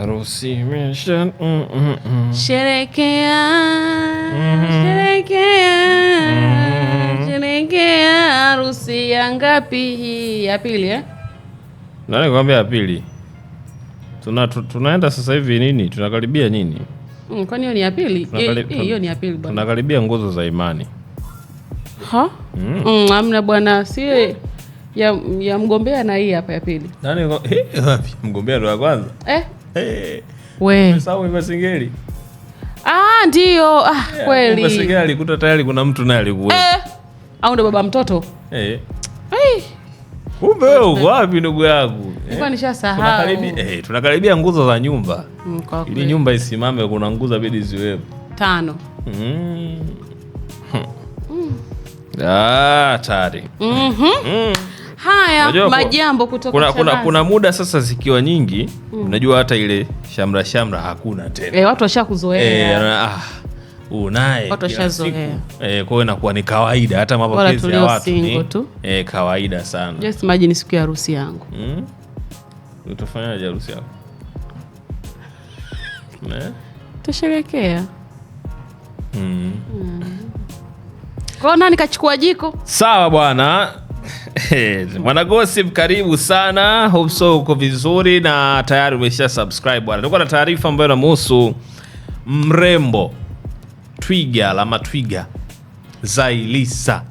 Harusi imesha mm, mm, mm, Sherekea, mm-hmm. Sherekea, mm-hmm. Sherekea harusi ya ngapi hii? Ya pili eh? Nani kwambia ya pili? Tuna, tu, tunaenda sasa hivi nini? Tunakaribia nini? Mm, kwani hiyo ni ya pili? Hiyo ni ya pili bwana. Tunakaribia nguzo za imani. Ha? Mm. Mm, amna bwana, si ya, ya mgombea na hii hapa ya pili. Nani wapi? Mgombea ndo ya kwanza. Eh? Hey, ah, ndio ah, yeah, kweli tayari kuna mtu naye alikuwa eh, au ndo baba mtoto hey. Eh. Hey. Kumbe wapi ndugu yangu eh? Nishasahau tunakaribia, eh, tunakaribia nguzo za nyumba mm, ili nyumba isimame kuna nguzo bidi ziwepo tano mm. mm ah, mhm. mm haya majambo kutoka kuna, kuna, kuna muda sasa zikiwa nyingi mm. Unajua hata ile shamra shamra hakuna tena e, watu washakuzoea e, eh, ah, naye watu washazoea e, kwa hiyo inakuwa ni kawaida hata mapokezi ya watu ni e, kawaida sana. Just imagine siku ya harusi yangu mm? Utafanyaje harusi yako? Tutasherekea mm. mm. Kwa nani kachukua jiko? Sawa bwana, Mwanagosip, karibu sana, hope so uko vizuri na tayari umesha subscribe bwana. Nilikuwa na taarifa ambayo inamuhusu mrembo Twiga la matwiga Zailisa.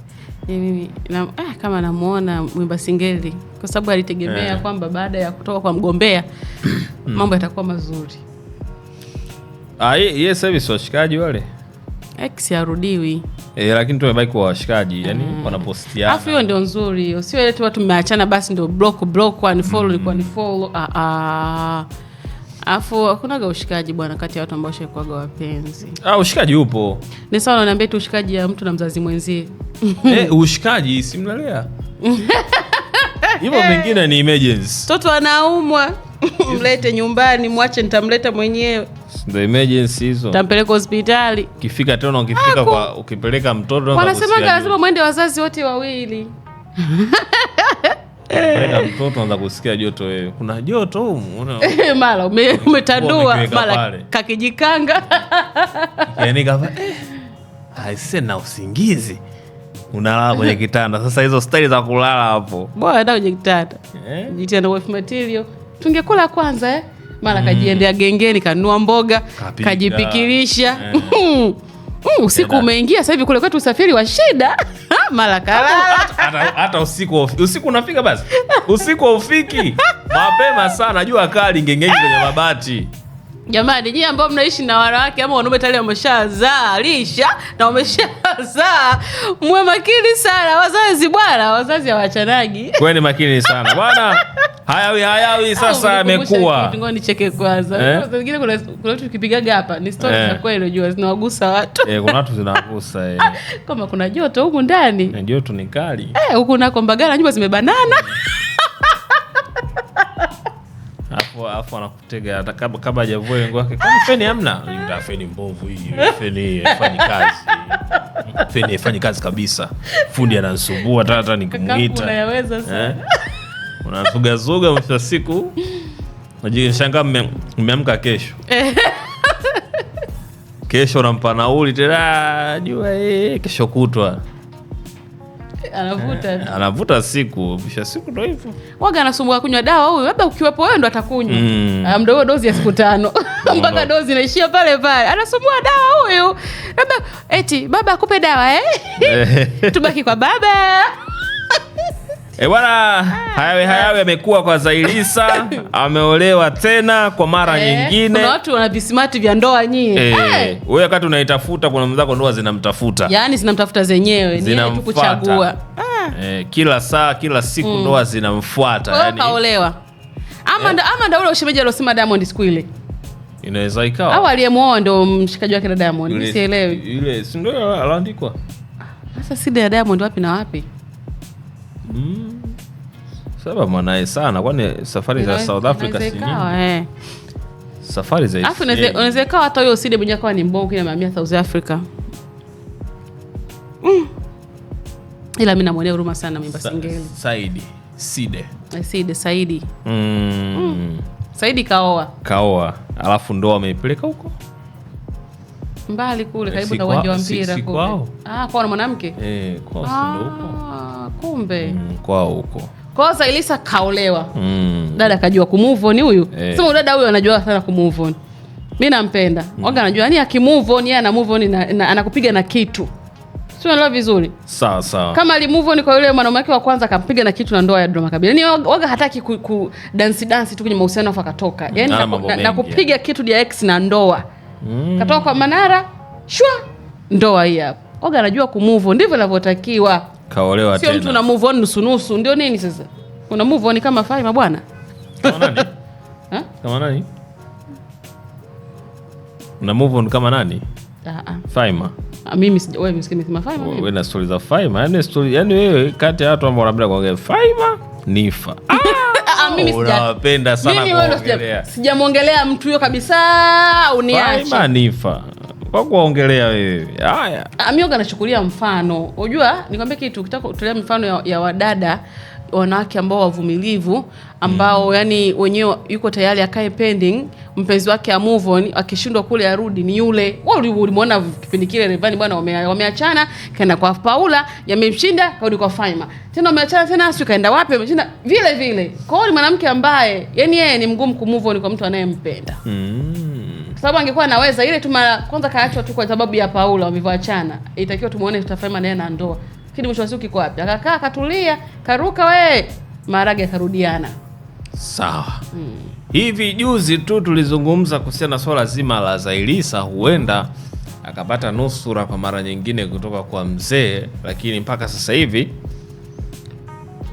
Mimi na, ah, kama namuona mwimba singeli kwa sababu alitegemea yeah, kwamba baada ya kutoka kwa mgombea mambo yatakuwa mazuri. Ah, ye, service washikaji wale X harudiwi. E, eh, lakini tumebaki kwa washikaji yani mm. wanapostiana. hiyo ndio nzuri. siwelete ile tu watu mmeachana basi ndio block block unfollow mm. Ah, ah. Alafu hakunaga ushikaji bwana kati ya watu ambao shakuaga wapenzi. Ah, ushikaji upo. Ni sawa unaniambia tu ushikaji ya mtu na mzazi mwenzie. Eh, ushikaji simnalea Hivyo vingine ni emergency. Mtoto anaumwa mlete nyumbani, mwache nitamleta mwenyewe the emergency hizo, tampeleka hospitali. Ukifika tena ukifika kwa ukipeleka mtoto, wanasemaga lazima mwende wazazi wote wawili Peka mtoto anza kusikia joto, wewe kuna joto mara umetandua mara kakijikanga yani kama ah, sasa na usingizi unalala kwenye kitanda. Sasa hizo staili za kulala hapo, bora enda kwenye kitanda eh? jitana wife material tungekula kwanza eh? mara mm. kajiendea gengeni kanua mboga Kapida. kajipikirisha yeah. Mm, usiku umeingia sahivi kule kwetu usafiri wa shida mara kalala usiku, usiku unafika basi usiku haufiki mapema sana jua kali ngengeni kwenye mabati Jamani, nyie ambao mnaishi na wanawake ama wanaume tayari wameshazaa lisha na wameshazaa, mwe makini sana wazazi bwana, wazazi hawachanagi. Kweni makini sana bwana, hayawi hayawi. Sasa amekuwa ngoja nicheke kwanza, eh? zingine kuna kuna vitu kipigaga hapa ni stori za eh. kweli, unajua zinawagusa watu eh, kuna watu zinawagusa eh, kama kuna joto huku ndani, joto ni kali eh, huku nako Mbagala nyumba zimebanana alafu anakutega hata kabla hajavua lengo lake. feni hamna, ah, feni mbovu hii, feni haifanyi kazi. Feni haifanyi kazi kabisa. Fundi ananisumbua tata nikimwita nikimuita. Unayaweza eh? mwisho wa siku. Najishangaa mmeamka kesho. Kesho unampa nauli tena ah, jua eh, kesho kutwa anavuta eh, anavuta siku mwisho siku ndo hivo waga anasumbua kunywa dawa huyu, labda ukiwepo wewe ndo atakunywa mm. Ah, mdo dozi ya siku tano mpaka dozi naishia pale pale, anasumbua dawa huyu, labda eti baba akupe dawa eh? eh. tubaki kwa baba E bwana, hayawe hayawe amekuwa kwa Zailisa, ameolewa tena kwa mara e, nyingine. Kuna watu wana visimati vya ndoa nyie. Eh, eh. wewe wakati unaitafuta kuna mzako ndoa zinamtafuta. Yaani zinamtafuta zenyewe, ni yeye tu kuchagua. Eh, kila saa kila siku mm. ndoa zinamfuata yani. Kaolewa. Ama e. ama ndo ule ushemeji aliosema Diamond siku ile. Inaweza ikawa. Au aliyemwoa ndo mshikaji wake na Diamond, nisielewi. Yule si ndio aliandikwa. Sasa si Diamond wapi na wapi? mm. Saba mwanae sana, kwani safari za South Africa si eh. safari za unaweza ikawa hata huyo side mwenye kawa ni mbongo na mamia South Africa mm. Ila mi namwonea huruma sana mimba singeli Saidi Side eh, Saidi Saidi mm. Mm. Saidi kaoa kaoa, alafu ndo ameipeleka huko mbali kule eh, karibu na uwanja wa mpira si, si kwao ah, kwao na mwanamke eh, kwao ah, kumbe mm, kwao huko kwao Zailisa kaolewa mm. Dada akajua kumove on huyu eh. Sema dada huyu anajua sana kumove on, mi nampenda mm. Waga anajua yani akimove on yeye ana move on na, na, anakupiga na kitu sio naelewa vizuri sawa sawa. Kama alimove on kwa yule mwanaume wake wa kwanza akampiga na kitu na ndoa ya drama kabisa, yani waga hataki ku, ku dance dance tu kwenye mahusiano afu akatoka yaani yani na, na, na kupiga kitu dia ex na ndoa mm. Katoka kwa Manara shwa, ndoa hii hapa. Oga anajua kumove on, ndivyo inavyotakiwa. Kaolewa tena, sio mtu na move on nusu nusu. Ndio nini sasa, una move on kama Faima bwana kama nani? ha? kama nani? una move on kama nani? Ah, ah. Faima ah, mimi wewe msikie Faima, wewe na stori za Faima, yani stori, yani wewe kati ya watu ambao wanapenda kuongea Faima nifa ah! mimi sana Sijamwongelea mtu huyo kabisa, uniache. kwa kuwaongelea wewe. Haya, ah, mimi nachukulia mfano, unajua nikwambia kitu, ukitaka kutolea ya, ya wadada wanawake ambao wavumilivu ambao mm. yani wenyewe yuko tayari akae pending mpenzi wake a move on, akishindwa kule arudi ni yule. Wewe ulimuona kipindi kile Rayvanny bwana, wameachana kaenda kwa Paula, yamemshinda kaudi kwa Faima, tena wameachana tena, asio kaenda wapi, wameshinda vile vile. Kwa hiyo ni mwanamke ambaye yani yeye ni mgumu ku move on kwa mtu anayempenda mm. Kwa sababu angekuwa anaweza ile tu mara kwanza kaachwa tu kwa sababu ya Paula wamevaachana itakiwa tumuone tutafaima naye na ndoa Kini mwisho wa siku kiko wapi? Akakaa katulia, karuka we, maharage akarudiana. Sawa. Hmm. Hivi juzi tu tulizungumza kuhusiana na swala zima la Zailisa huenda akapata nusura kwa mara nyingine kutoka kwa mzee, lakini mpaka sasa hivi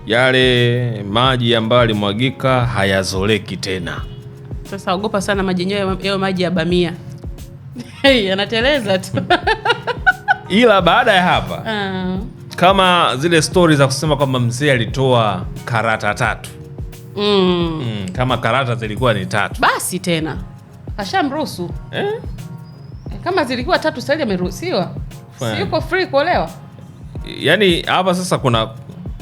yale maji ambayo alimwagika hayazoleki tena. Sasa ogopa sana maji yenyewe, yao maji ya bamia yanateleza tu ila baada ya hapa uh kama zile stori za kusema kwamba mzee alitoa karata tatu mm. Mm, kama karata zilikuwa ni tatu basi tena ashamruhusu eh? Kama zilikuwa tatu sasa ameruhusiwa, si free kuolewa? yani hapa sasa kuna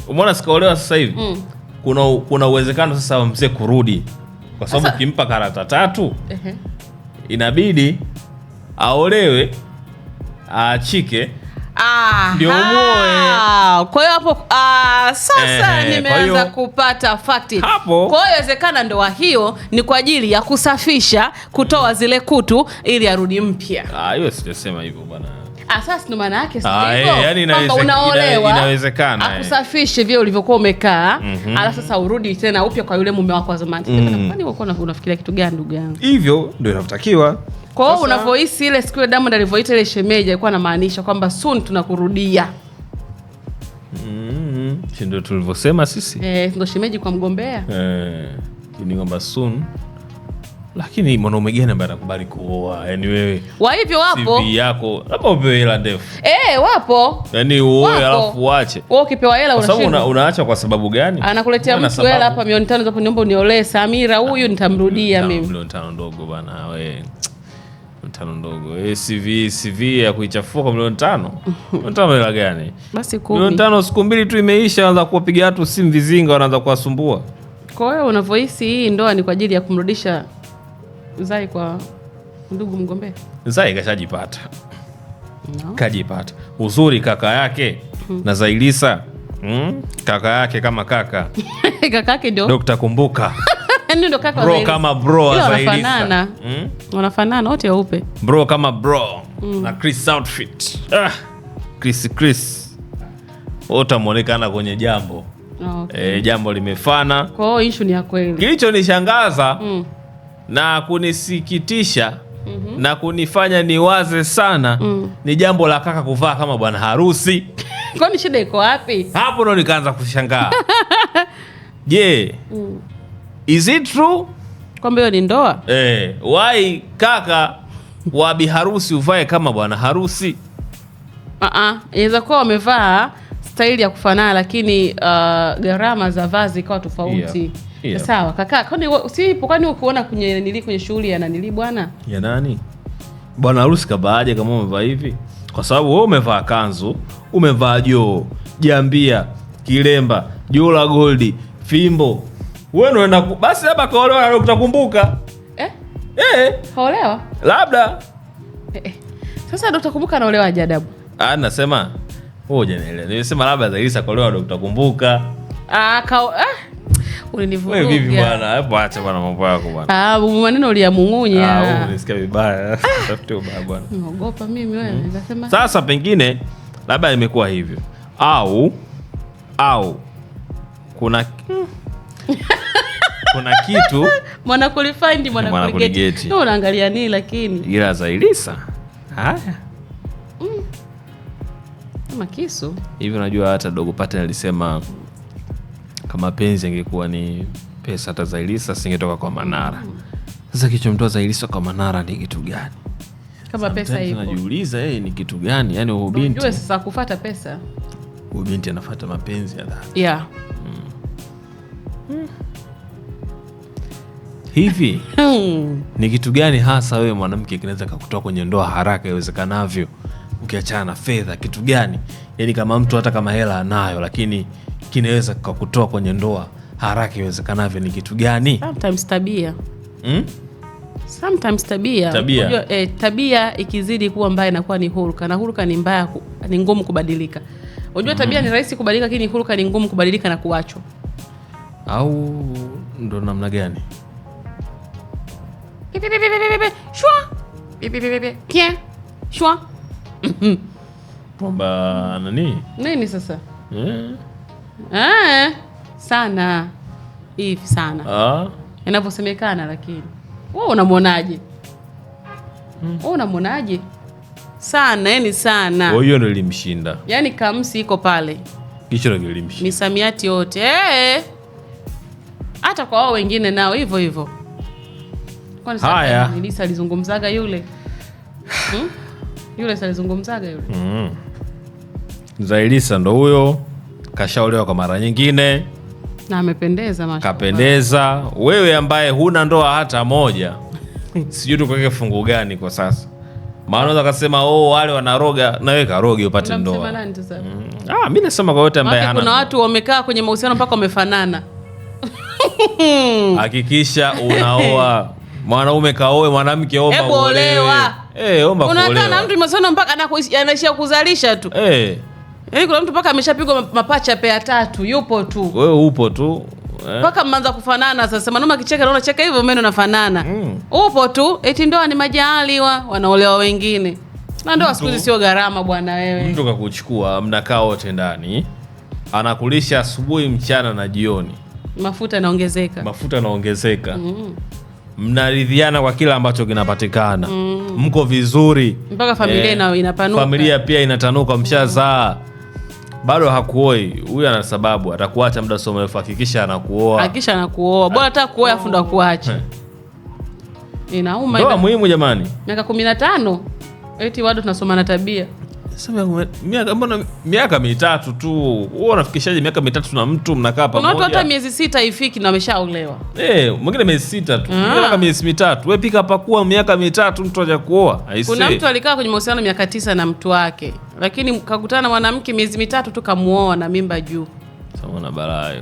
umeona, sikaolewa sasa hivi mm. kuna kuna uwezekano sasa wa mzee kurudi, kwa sababu ukimpa karata tatu uh -huh. inabidi aolewe aachike Ah, ndio umoe. Eh. Ah. Kwa hiyo hapo ah, sasa eh, nimeanza kupata fakti. Hapo kwa hiyo inawezekana ndoa hiyo ni kwa ajili ya kusafisha, kutoa zile kutu ili arudi mpya. Ah, hiyo sijasema hivyo bwana. Ah, sasa ndo maana yake eh, unaolewa, inawezekana eh. akusafishe vile ulivyokuwa umekaa, mm-hmm. alafu sasa urudi tena upya kwa yule mume wako wa zamani. mm. Unafikiria kitu gani ndugu yangu? Hivyo ndio inavyotakiwa. Kwa hiyo unavyohisi ile siku ile Diamond alivyoita ile shemeji alikuwa anamaanisha kwamba soon tunakurudia. Mm -hmm. Ndio tulivyosema sisi. Eh, ndio shemeji kwa mgombea. Eh. Ni kwamba soon lakini mwanaume gani ambaye anakubali kuoa? Yani wewe wa hivyo, wapo CV yako labda upewe hela ndefu e, wapo yani uoe alafu uache wewe. Ukipewa hela unashinda, una, unaacha kwa sababu gani? Anakuletea mtu hela hapa milioni tano, niomba uniolee Samira, huyu nitamrudia mimi. Milioni tano ndogo bana wewe tano ndogo e, eh, CV, CV ya kuichafua kwa milioni tano milioni tano hela gani? Basi kumi milioni tano siku mbili tu imeisha, anaanza kuwapiga watu simu vizinga, wanaanza kuwasumbua. Kwa hiyo unavyohisi hii ndoa ni kwa ajili ya kumrudisha Zai kwa ndugu mgombea. Zai kashajipata no. Kajipata uzuri kaka yake mm. na Zailisa mm. kaka yake kama kaka kaka yake ndio Dokta Kumbuka yani hmm? wanafanana wote weupe bro kama bro hmm. na Chris outfit ah, Chris Chris utamwonekana kwenye jambo ah, okay. E, jambo limefana kwa hiyo issue ni ya kweli. Kilichonishangaza mm. na kunisikitisha mm -hmm. na kunifanya niwaze sana mm. ni jambo la kaka kuvaa kama bwana harusi kwani shida iko wapi hapo? Ndo nikaanza kushangaa je, yeah. mm. Is it true? Kwamba hiyo ni ndoa? Eh, why kaka wa biharusi uvae kama bwana harusi? Uh -uh. Inaweza kuwa wamevaa staili ya kufanana lakini uh, gharama za vazi ikawa tofauti. Yeah. Sawa kaka, kwani sipo? Kwani ukuona kwenye nili kwenye shughuli ya nanili bwana ya nani bwana harusi kabaaje kama umevaa hivi? Kwa sababu wewe umevaa kanzu, umevaa joo, jambia, kilemba, joo la goldi, fimbo wewe unaenda basi, labda kaolewa na Dr. eh? Eh. Kaolewa labda eh, eh. Sasa Kumbuka anaolewa Ah, nasema labda kaolewa Kumbuka. Ah, ah. vipi bwana? acha bwana mambo yako bwana. Ah, maneno uliyamung'unya. Ah, unisikia vibaya. ubaya bwana. Naogopa mimi wewe. Mm-hmm. Sasa pengine labda imekuwa hivyo. Au au kuna kuna kitu mwana kulifindi mwana kuligeti. No, unaangalia nini lakini ila za Ilisa haya mm. Kama kisu hivi, unajua hata Dogo Paten alisema kama penzi angekuwa ni pesa, hata za Ilisa singetoka kwa Manara. Mm. Sasa kichomtoa za Ilisa kwa Manara ni kitu gani? Kama pesa ipo, najiuliza yeye eh, ni kitu gani? Yani huyu binti unajua sasa kufuata pesa, huyu binti anafuata mapenzi ya dhati yeah. mm. mm hivi hmm. ni kitu gani hasa wewe mwanamke kinaweza kakutoa kwenye ndoa haraka iwezekanavyo, ukiachana na fedha? Kitu gani yani, kama mtu hata kama hela anayo, lakini kinaweza kakutoa kwenye ndoa haraka iwezekanavyo, ni kitu gani? Sometimes tabia. Hmm? Sometimes tabia tabia. Kujua, eh, tabia ikizidi kuwa mbaya inakuwa ni hulka na hulka ni mbaya, ni ngumu kubadilika. Unajua tabia mm, ni mhm. rahisi kubadilika, lakini hulka ni ngumu kubadilika na kuachwa. Au ndo namna gani? 别别别别别别别说，别别别别别 pia nani eh. eh, sana hivi sana ah. Inavyosemekana, lakini wewe unamwonaje? hmm. unamwonaje? Sana yani sana, hiyo ndio ilimshinda yani, kamsi iko pale, hicho ndio ilimshinda. misamiati yote, eh. hata Kwa wao wengine nao hivyo hivyo. Kwani hmm? sasa alizungumzaga yule? Hmm? Yule alizungumzaga yule. Mm. Zailisa ndo huyo kashaolewa kwa mara nyingine na amependeza Kapendeza. Wewe ambaye huna ndoa hata moja. Sijui tukuweke fungu gani kwa sasa. Maana unaweza kasema oh, wale wanaroga na wewe karogi upate ndoa. Mm. Ah, mimi nasema kwa wote ambaye hana. Kuna watu wamekaa kwenye mahusiano mpaka wamefanana. Hakikisha unaoa mwanaume kaoe, mwanamke omba olewa. Eh, omba kuolewa. Unakaa na mtu masono mpaka anaishia kuzalisha tu. Eh. Yaani kuna mtu mpaka ameshapigwa mapacha pea tatu, yupo tu. Wewe upo tu. Eh. Mpaka eh, mmeanza kufanana sasa. Mwanaume akicheka naona cheka hivyo meno nafanana. Mm. Upo tu, eti ndoa ni majaliwa, wanaolewa wengine. Na ndoa siku hizi sio gharama bwana wewe. Mtu kakuchukua, mnakaa wote ndani. Anakulisha asubuhi, mchana na jioni. Mafuta yanaongezeka. Mafuta yanaongezeka. Mm mnaridhiana kwa kila ambacho kinapatikana mm. mko vizuri mpaka familia eh, inapanuka. Familia pia inatanuka, mshazaa bado hakuoi, huyu ana sababu, atakuacha muda sio mrefu. Hakikisha anakuoa, hakikisha anakuoa, bora hata kuoa afu ndo akuache. Eh. Inauma, ndoa muhimu jamani, miaka kumi na tano eti bado tunasoma na tabia miaka mbona miaka mitatu tu, wewe unafikishaje miaka mitatu na mtu mnakaa pamoja? Kuna watu hata miezi sita ifiki na wameshaolewa. Eh, mwingine miezi sita tu, ah. miaka miezi mitatu. Wewe pika pakua, miaka mitatu mtu haja kuoa. Kuna mtu alikaa kwenye mahusiano miaka tisa na mtu wake, lakini kakutana na mwanamke miezi mitatu tu kamuoa na mimba juu. Sawa na balaa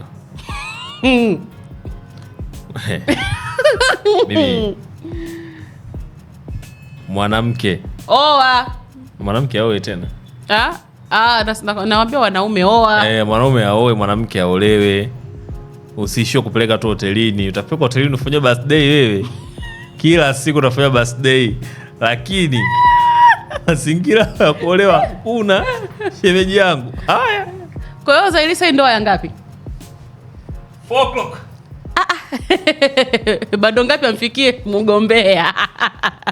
mwanamke oa mwanamke aoe tena ah, ah, nawambia wanaume oa. Eh, mwanaume aoe, mwanamke aolewe, usiishiwe kupeleka tu hotelini. utapeka hotelini ufanya birthday wewe, kila siku utafanya birthday, lakini mazingira ya kuolewa una shemeji yangu. Haya, kwa hiyo Zailisa ndoa ya ngapi? Ah, Bado ngapi amfikie mgombea?